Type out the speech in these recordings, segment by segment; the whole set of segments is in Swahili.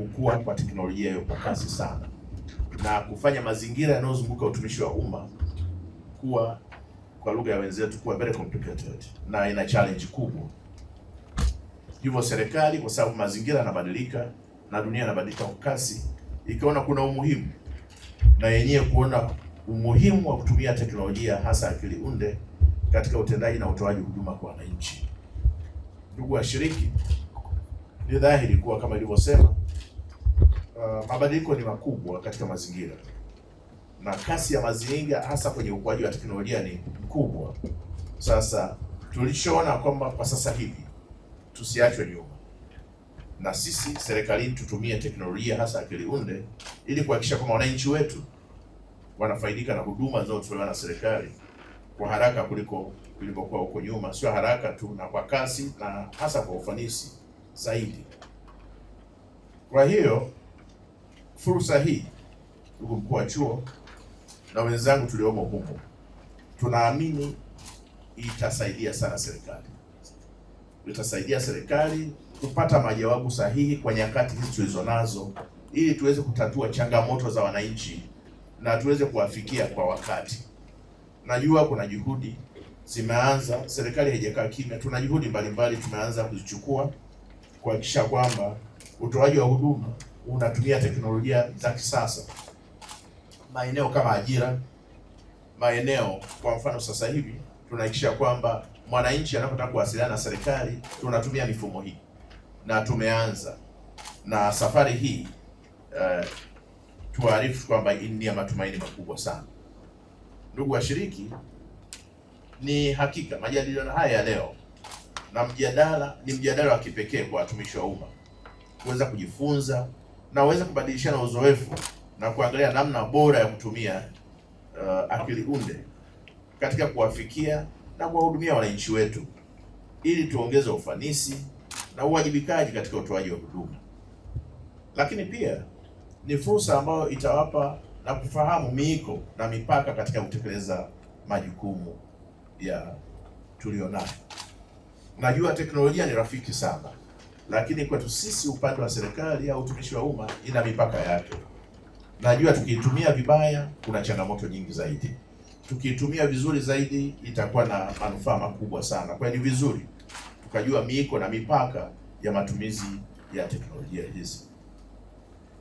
kukua kwa teknolojia hiyo kwa kasi sana na kufanya mazingira yanayozunguka utumishi wa umma kuwa kwa lugha ya wenzetu kuwa very complicated na ina challenge kubwa. Hivyo serikali, kwa sababu mazingira yanabadilika na dunia inabadilika kwa kasi, ikaona kuna umuhimu na yenyewe kuona umuhimu wa kutumia teknolojia hasa akili unde katika utendaji na utoaji huduma kwa wananchi. Ndugu washiriki, ni dhahiri kuwa kama ilivyosema uh, mabadiliko ni makubwa katika mazingira na kasi ya mazingira hasa kwenye ukuaji wa teknolojia ni mkubwa. Sasa tulichoona kwamba kwa sasa hivi tusiachwe nyuma, na sisi serikalini tutumie teknolojia hasa akili unde ili kuhakikisha kwamba wananchi wetu wanafaidika na huduma zinazotolewa na serikali kwa haraka kuliko ilivyokuwa huko nyuma, sio haraka tu, na kwa kasi na hasa kwa ufanisi zaidi. Kwa hiyo fursa hii, ndugu mkuu wa chuo na wenzangu tuliomo humo, tunaamini itasaidia sana serikali, itasaidia serikali kupata majawabu sahihi kwa nyakati hizi tulizonazo, ili tuweze kutatua changamoto za wananchi na tuweze kuwafikia kwa wakati. Najua kuna juhudi zimeanza, serikali haijakaa kimya. Tuna juhudi mbalimbali tumeanza kuzichukua kuhakikisha kwamba utoaji wa huduma unatumia teknolojia za kisasa. Maeneo kama ajira, maeneo kwa mfano, sasa hivi tunahakikisha kwamba mwananchi anapotaka kuwasiliana na serikali tunatumia mifumo hii, na tumeanza na safari hii uh, eh, tuarifu kwamba ni ya matumaini makubwa sana. Ndugu washiriki, ni hakika majadiliano haya ya leo na mjadala ni mjadala wa kipekee kwa watumishi wa umma kuweza kujifunza na uweze kubadilishana uzoefu na kuangalia namna bora ya kutumia uh, akili unde katika kuwafikia na kuwahudumia wananchi wetu ili tuongeze ufanisi na uwajibikaji katika utoaji wa huduma. Lakini pia ni fursa ambayo itawapa na kufahamu miiko na mipaka katika kutekeleza majukumu ya tulionayo. Najua teknolojia ni rafiki sana lakini kwetu sisi upande wa serikali au utumishi wa umma ina mipaka yake. Najua tukiitumia vibaya kuna changamoto nyingi zaidi, tukiitumia vizuri zaidi itakuwa na manufaa makubwa sana. Kwa hiyo ni vizuri tukajua miiko na mipaka ya matumizi ya teknolojia hizi.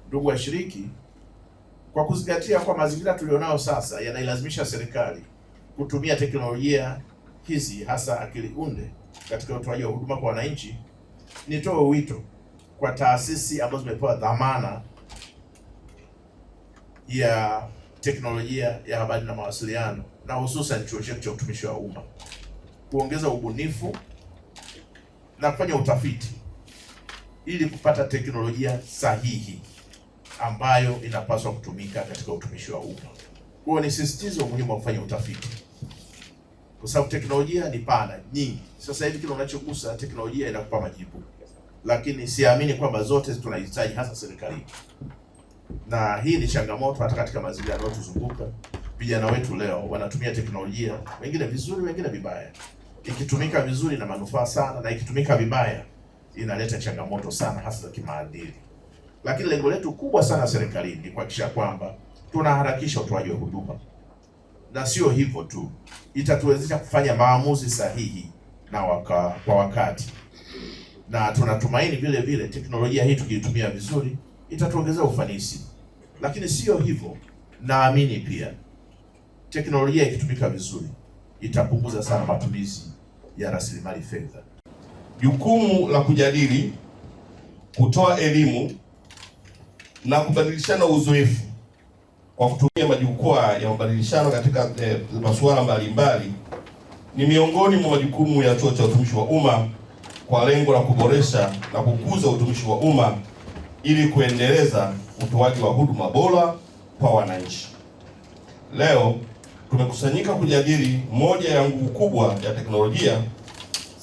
Ndugu washiriki, kwa kuzingatia kwa mazingira tulionayo sasa yanailazimisha serikali kutumia teknolojia hizi hasa akili unde katika utoaji wa huduma kwa wananchi nitoe wito kwa taasisi ambazo zimepewa dhamana ya teknolojia ya habari na mawasiliano na hususan chuo chetu cha utumishi wa umma kuongeza ubunifu na kufanya utafiti ili kupata teknolojia sahihi ambayo inapaswa kutumika katika utumishi wa umma. Kwa hiyo nisisitizo umuhimu wa kufanya utafiti, kwa sababu teknolojia ni pana, nyingi. Sasa hivi kile unachogusa teknolojia inakupa majibu lakini siamini kwamba zote tunahitaji, hasa serikalini, na hii ni changamoto hata katika mazingira yanayotuzunguka. Vijana wetu leo wanatumia teknolojia, wengine vizuri, wengine vibaya. Ikitumika vizuri na manufaa sana, na ikitumika vibaya inaleta changamoto sana, hasa za kimaadili. Lakini lengo letu kubwa sana serikalini ni kuhakikisha kwamba tunaharakisha utoaji wa huduma, na sio hivyo tu, itatuwezesha kufanya maamuzi sahihi na waka, kwa wakati na tunatumaini vile vile teknolojia hii tukiitumia vizuri itatuongezea ufanisi, lakini sio hivyo, naamini pia teknolojia ikitumika vizuri itapunguza sana matumizi ya rasilimali fedha. Jukumu la kujadili, kutoa elimu na kubadilishana uzoefu kwa kutumia majukwaa ya mabadilishano katika eh, masuala mbalimbali ni miongoni mwa majukumu ya Chuo cha Utumishi wa Umma kwa lengo la kuboresha na kukuza utumishi wa umma ili kuendeleza utoaji wa huduma bora kwa wananchi. Leo tumekusanyika kujadili moja ya nguvu kubwa ya teknolojia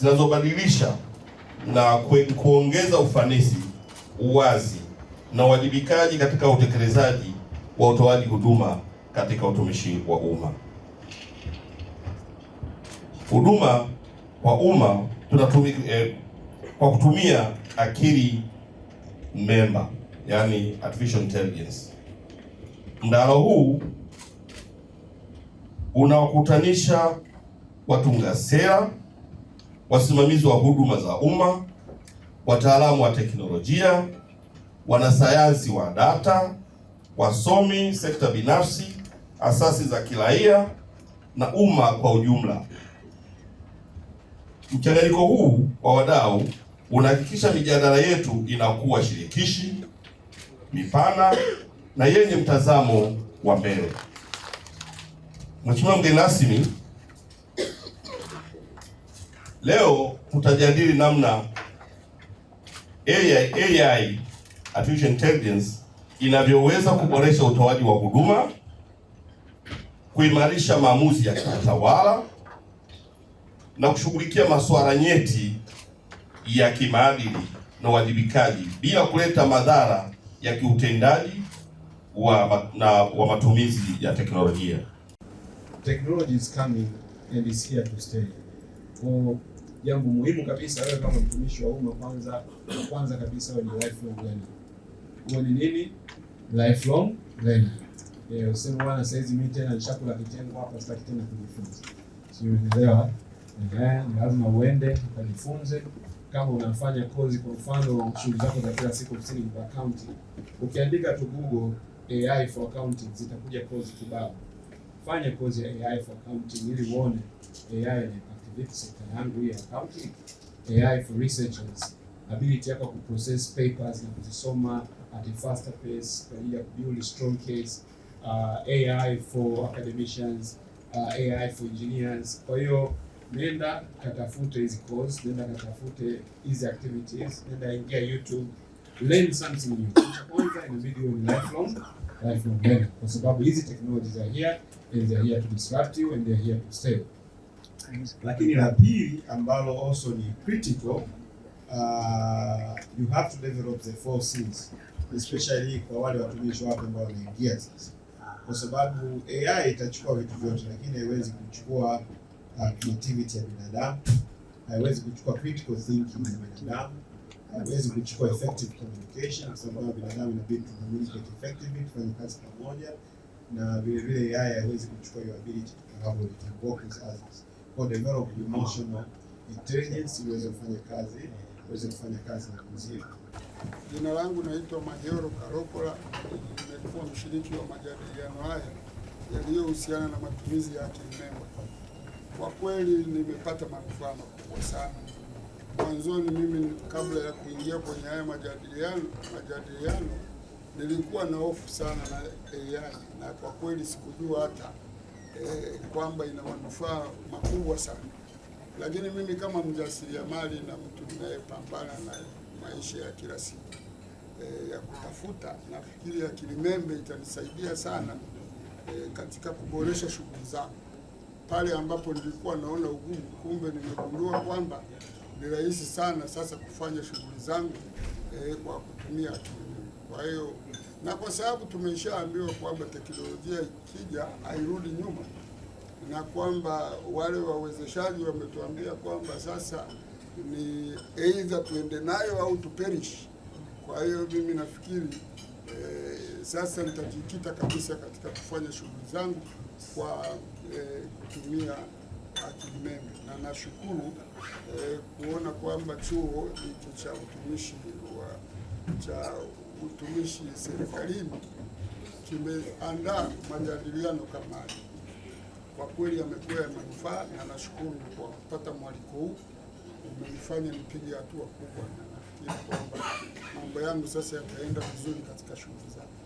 zinazobadilisha na kuongeza ufanisi, uwazi na uwajibikaji katika utekelezaji wa utoaji huduma katika utumishi wa umma. Huduma kwa umma tunatumia eh, kwa kutumia akili memba, yani artificial intelligence. Mdahalo huu unaokutanisha watunga sera, wasimamizi wa huduma za umma, wataalamu wa teknolojia, wanasayansi wa data, wasomi, sekta binafsi, asasi za kiraia na umma kwa ujumla. Mchanganyiko huu wa wadau unahakikisha mijadala yetu inakuwa shirikishi, mipana na yenye mtazamo wa mbele. Mheshimiwa mgeni rasmi, leo tutajadili namna AI, AI artificial intelligence inavyoweza kuboresha utoaji wa huduma, kuimarisha maamuzi ya kiutawala na kushughulikia masuala nyeti ya kimaadili na uwajibikaji bila kuleta madhara ya kiutendaji wa, na, wa matumizi ya teknolojia. Technology is coming and is here to stay. Kwa jambo muhimu kabisa wewe kama mtumishi wa umma kwanza kwanza kabisa wewe ni lifelong learner. Wewe ni nini? Lifelong learner. Eh, yeah, usema bwana saizi mimi tena nishakula kitengo hapa sitaki tena kujifunza. Sio, unaelewa? eh, lazima uende ukajifunze. Kama unafanya kozi, kwa mfano shughuli zako za kila siku ofisini kwa accounting, ukiandika tu Google AI for accounting zitakuja kozi kibao. Fanya kozi ya AI for accounting ili uone AI inaactivate sekta yangu ya accounting. AI for researchers, ability yako kuprocess papers na kuzisoma at a faster pace kwa ajili ya kubuild strong case. Uh, ah, AI for academicians, uh, ah, AI for engineers. Kwa hiyo nenda katafute hizi course, nenda katafute hizi activities, nenda ingia YouTube, learn something new. Kwanza inabidi uwe lifelong lifelong learner, kwa sababu hizi technologies are here and they are here to disrupt you and they are here to stay. Lakini la pili ambalo also ni critical uh, you have to develop the four C's especially kwa wale watumishi wapya ambao wanaingia sasa, kwa sababu AI itachukua vitu vyote, lakini haiwezi kuchukua uh, creativity ya binadamu, haiwezi kuchukua critical thinking ya binadamu, haiwezi kuchukua effective communication, kwa sababu binadamu inabidi communicate effectively, tufanye kazi pamoja, na vile vile AI haiwezi kuchukua hiyo ability to collaborate and work with others, kwa develop emotional intelligence iweze kufanya kazi uweze kufanya kazi na mzio. Jina langu naitwa Majoro Karokola, nimekuwa mshiriki wa majadiliano haya yaliyohusiana na matumizi ya akili mnemba. Kwa kweli nimepata manufaa makubwa sana. Mwanzoni mimi kabla ya kuingia kwenye haya majadiliano majadiliano nilikuwa na hofu sana na AI na kwa kweli sikujua hata eh, kwamba ina manufaa makubwa sana, lakini mimi kama mjasiriamali na mtu ninayepambana na maisha ya kila siku e, ya kutafuta, nafikiri akili kilimembe itanisaidia sana e, katika kuboresha shughuli zangu pale ambapo nilikuwa naona ugumu, kumbe nimegundua kwamba ni rahisi sana sasa kufanya shughuli zangu eh, kwa kutumia akili. Kwa hiyo na kwa sababu tumeshaambiwa kwamba teknolojia ikija hairudi nyuma, na kwamba wale wawezeshaji wametuambia kwamba sasa ni aidha tuende nayo au tuperish. Kwa hiyo mimi nafikiri sasa nitajikita kabisa katika kufanya shughuli zangu kwa e, kutumia akili meme na nashukuru e, kuona kwamba chuo hicho cha utumishi wa cha utumishi serikalini kimeandaa majadiliano kama hayo. Kwa kweli yamekuwa ya manufaa, na nashukuru kwa kupata mwaliko huu, umenifanya nipige hatua kubwa, na nafikiri kwamba mambo yangu sasa yataenda vizuri katika shughuli zangu.